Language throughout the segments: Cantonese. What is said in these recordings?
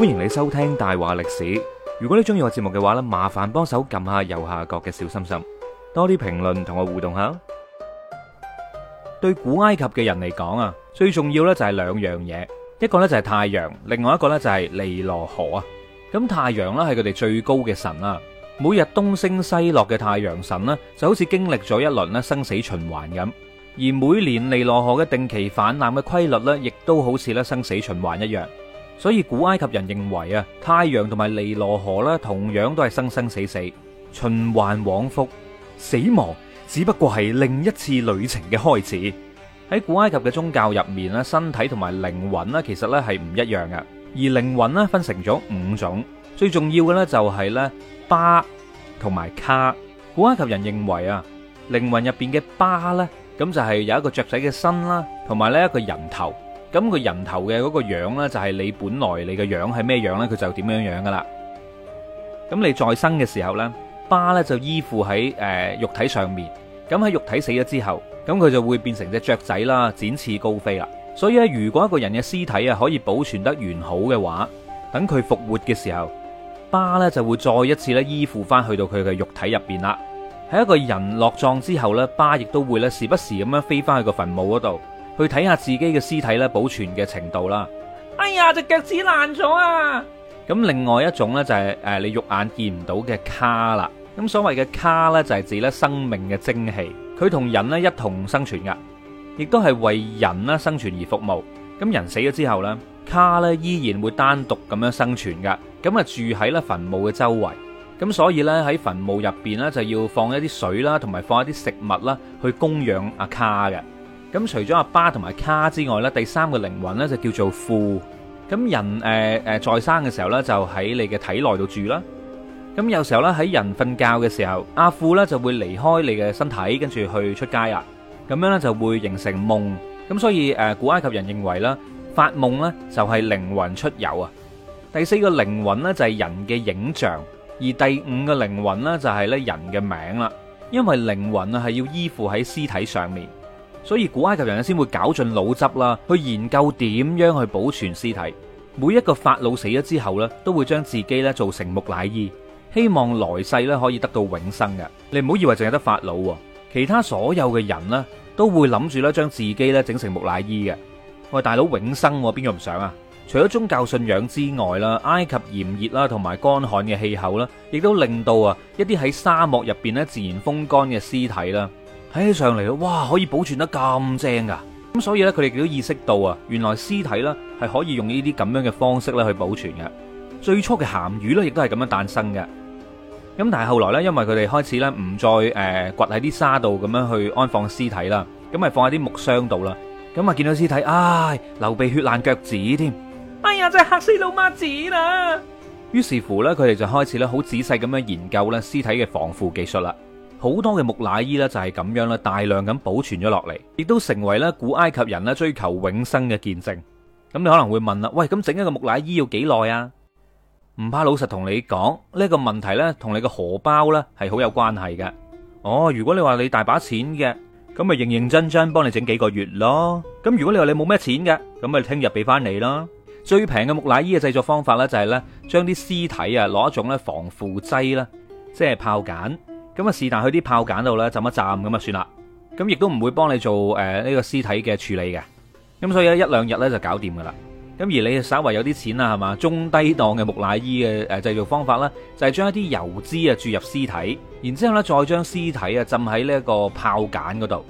歡迎你收聽大話歷史。如果你中意我節目嘅話呢，麻煩幫手撳下右下角嘅小心心，多啲評論同我互動下。對古埃及嘅人嚟講啊，最重要呢就係兩樣嘢，一個呢就係太陽，另外一個呢就係尼羅河啊。咁太陽呢係佢哋最高嘅神啦，每日東升西落嘅太陽神呢，就好似經歷咗一輪生死循環咁，而每年尼羅河嘅定期泛濫嘅規律呢，亦都好似生死循環一樣。所以古埃及人認為啊，太陽同埋尼羅河同樣都係生生死死循環往復，死亡只不過係另一次旅程嘅開始。喺古埃及嘅宗教入面，身體同埋靈魂其實係唔一樣嘅，而靈魂分成咗五種，最重要嘅就係巴同埋卡。古埃及人認為啊，靈魂入面嘅巴，噉就係有一個雀仔嘅身啦，同埋呢一個人頭咁佢人頭嘅嗰個樣呢，就係你本來你嘅樣係咩樣呢？佢就點樣樣噶啦。咁你再生嘅時候呢，巴呢就依附喺誒、呃、肉體上面。咁喺肉體死咗之後，咁佢就會變成隻雀仔啦，展翅高飛啦。所以咧，如果一個人嘅屍體啊可以保存得完好嘅話，等佢復活嘅時候，巴呢就會再一次咧依附翻去到佢嘅肉體入邊啦。喺一個人落葬之後呢，巴亦都會咧時不時咁樣飛翻去個墳墓嗰度。去睇下自己嘅屍體啦，保存嘅程度啦。哎呀，隻腳趾爛咗啊！咁另外一種呢，就係誒你肉眼見唔到嘅卡啦。咁所謂嘅卡呢，就係指生命嘅精氣，佢同人呢一同生存噶，亦都係為人呢生存而服務。咁人死咗之後呢，卡呢依然會單獨咁樣生存噶。咁啊住喺呢墳墓嘅周圍。咁所以呢，喺墳墓入面呢，就要放一啲水啦，同埋放一啲食物啦，去供養阿卡嘅。咁除咗阿巴同埋卡之外咧，第三個靈魂咧就叫做庫。咁人誒誒在生嘅時候咧，就喺你嘅體內度住啦。咁有時候咧，喺人瞓覺嘅時候，阿庫咧就會離開你嘅身體，跟住去出街啊。咁樣咧就會形成夢。咁所以誒古埃及人認為咧，發夢咧就係靈魂出遊啊。第四個靈魂咧就係人嘅影像，而第五個靈魂咧就係咧人嘅名啦。因為靈魂啊係要依附喺屍體上面。所以古埃及人呢，先會搞盡腦汁啦，去研究點樣去保存屍體。每一個法老死咗之後呢，都會將自己呢做成木乃伊，希望來世呢可以得到永生嘅。你唔好以為淨係得法老，其他所有嘅人呢，都會諗住呢將自己呢整成木乃伊嘅。我大佬永生邊個唔想啊？除咗宗教信仰之外啦，埃及炎熱啦同埋乾旱嘅氣候啦，亦都令到啊一啲喺沙漠入邊呢自然風乾嘅屍體啦。睇起上嚟咯，哇，可以保存得咁正噶？咁所以呢，佢哋都意識到啊，原來屍體呢係可以用呢啲咁樣嘅方式咧去保存嘅。最初嘅鹹魚呢，亦都係咁樣誕生嘅。咁但係後來呢，因為佢哋開始呢，唔再誒掘喺啲沙度咁樣去安放屍體啦，咁咪放喺啲木箱度啦。咁啊見到屍體，唉、哎，流鼻血爛腳趾添，哎呀，真係嚇死老媽子啦。於是乎呢，佢哋就開始咧好仔細咁樣研究呢屍體嘅防腐技術啦。好多嘅木乃伊咧就係咁樣啦，大量咁保存咗落嚟，亦都成為咧古埃及人咧追求永生嘅見證。咁你可能會問啦，喂，咁整一個木乃伊要幾耐啊？唔怕老實同你講，呢個問題呢，同你個荷包呢係好有關係嘅。哦，如果你話你大把錢嘅，咁咪認認真真幫你整幾個月咯。咁如果你話你冇咩錢嘅，咁咪聽日俾翻你咯。最平嘅木乃伊嘅製作方法呢，就係咧將啲屍體啊攞一種咧防腐劑啦，即係泡鹼。咁啊，是但去啲炮鹼度咧浸一浸咁啊，算啦。咁亦都唔會幫你做誒呢個屍體嘅處理嘅。咁所以一兩日咧就搞掂噶啦。咁而你稍為有啲錢啦，係咪中低檔嘅木乃伊嘅誒製造方法咧，就係將一啲油脂啊注入屍體，然之後咧再將屍體啊浸喺呢一個炮鹼嗰度。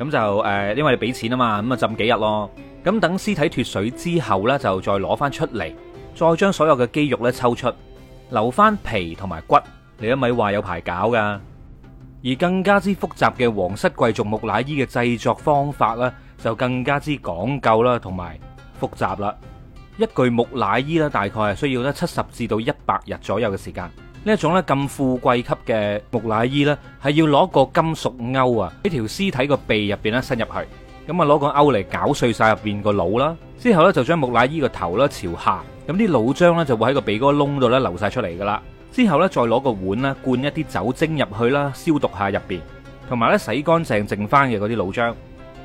咁就誒，因為你俾錢啊嘛，咁啊浸幾日咯。咁等屍體脫水之後咧，就再攞翻出嚟，再將所有嘅肌肉咧抽出，留翻皮同埋骨。你一咪話有排搞噶，而更加之複雜嘅皇室貴族木乃伊嘅製作方法呢，就更加之講究啦，同埋複雜啦。一具木乃伊呢，大概係需要咧七十至到一百日左右嘅時間。呢一種呢咁富貴級嘅木乃伊呢，係要攞個金屬鈎啊，喺條屍體個鼻入邊咧伸入去，咁啊攞個鈎嚟搞碎晒入邊個腦啦。之後呢，就將木乃伊個頭咧朝下，咁啲腦漿呢，就會喺個鼻嗰窿度咧流晒出嚟噶啦。之後咧，再攞個碗啦，灌一啲酒精入去啦，消毒下入邊，同埋咧洗乾淨剩翻嘅嗰啲腦漿，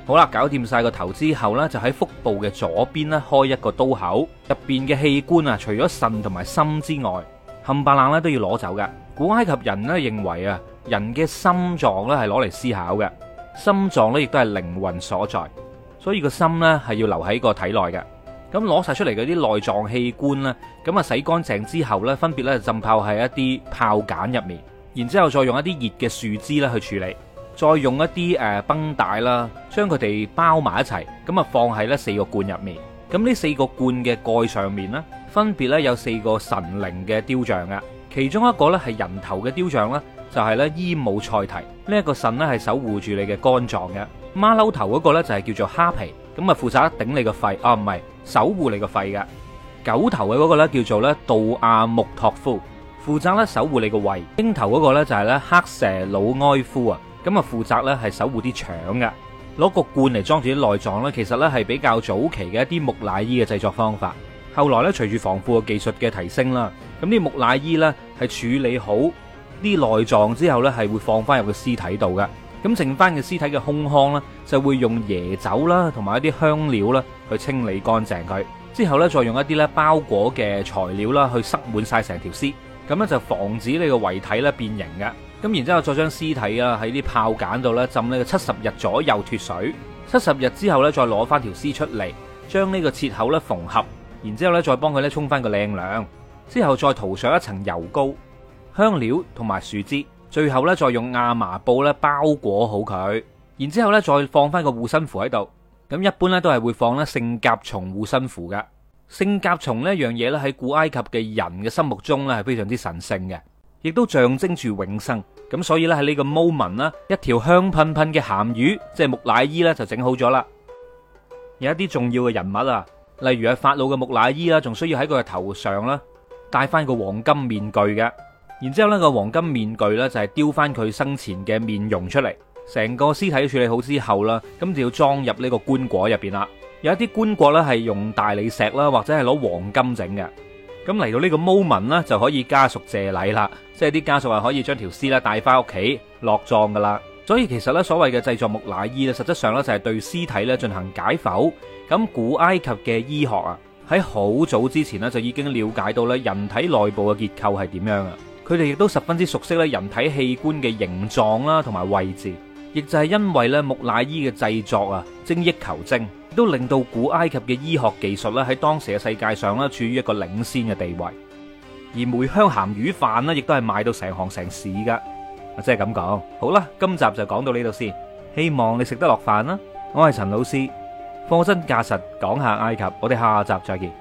好啦，搞掂晒個頭之後呢，就喺腹部嘅左邊咧開一個刀口，入邊嘅器官啊，除咗腎同埋心之外，冚白冷咧都要攞走嘅。古埃及人咧認為啊，人嘅心臟咧係攞嚟思考嘅，心臟咧亦都係靈魂所在，所以個心咧係要留喺個體內嘅。咁攞晒出嚟嗰啲內臟器官咧，咁啊洗乾淨之後呢分別呢浸泡喺一啲泡鹼入面，然之後再用一啲熱嘅樹枝咧去處理，再用一啲誒繃帶啦，將佢哋包埋一齊，咁啊放喺呢四個罐入面。咁呢四個罐嘅蓋上面呢分別呢有四個神靈嘅雕像嘅，其中一個呢係人頭嘅雕像咧，就係、是、呢伊姆塞提呢一個神呢係守護住你嘅肝臟嘅。孖騮頭嗰個就係叫做哈皮，咁啊，負責頂你個肺啊唔、哦唔係守護你個肺九頭的那個肺噶，狗頭嘅嗰個呢，叫做呢杜阿木托夫，負責呢守護你個胃。鷹頭嗰個呢，就係呢黑蛇魯埃夫啊，咁啊負責呢係守護啲腸噶，攞個罐嚟裝住啲內臟咧，其實呢係比較早期嘅一啲木乃伊嘅製作方法。後來呢，隨住防腐嘅技術嘅提升啦，咁啲木乃伊呢係處理好啲內臟之後呢，係會放翻入個屍體度嘅。咁剩翻嘅屍體嘅空腔咧，就會用椰酒啦，同埋一啲香料啦，去清理乾淨佢。之後咧，再用一啲咧包裹嘅材料啦，去塞滿曬成條屍。咁咧就防止呢個遺體咧變形嘅。咁然之後再將屍體啊喺啲泡鹼度咧浸咧七十日左右脱水。七十日之後咧，再攞翻條屍出嚟，將呢個切口咧縫合。然之後咧，再幫佢咧沖翻個靚涼。之後再塗上一層油膏、香料同埋樹脂。最後咧，再用亞麻布咧包裹好佢，然之後咧，再放翻個護身符喺度。咁一般咧都係會放咧聖甲蟲護身符噶。聖甲蟲呢樣嘢咧喺古埃及嘅人嘅心目中咧係非常之神聖嘅，亦都象徵住永生。咁所以咧喺呢個 moment 啦，一條香噴噴嘅鹹魚即係、就是、木乃伊咧就整好咗啦。有一啲重要嘅人物啊，例如係法老嘅木乃伊啦，仲需要喺佢嘅頭上啦戴翻個黃金面具嘅。然之後呢、呢個黃金面具呢，就係雕翻佢生前嘅面容出嚟，成個屍體處理好之後啦，咁就要裝入呢個棺椁入邊啦。有一啲棺椁呢，係用大理石啦，或者係攞黃金整嘅。咁嚟到呢個 moment 呢，就可以家屬謝禮啦，即係啲家屬係可以將條屍咧帶翻屋企落葬噶啦。所以其實呢，所謂嘅製作木乃伊呢，實質上呢，就係對屍體呢進行解剖。咁古埃及嘅醫學啊，喺好早之前呢，就已經了解到呢，人體內部嘅結構係點樣。佢哋亦都十分之熟悉咧，人體器官嘅形狀啦，同埋位置，亦就係因為咧木乃伊嘅製作啊，精益求精，也都令到古埃及嘅醫學技術咧喺當時嘅世界上咧處於一個領先嘅地位。而梅香鹹魚飯咧，亦都係賣到成行成市噶，我真係咁講。好啦，今集就講到呢度先，希望你食得落飯啦。我係陳老師，貨真價實講下埃及，我哋下集再見。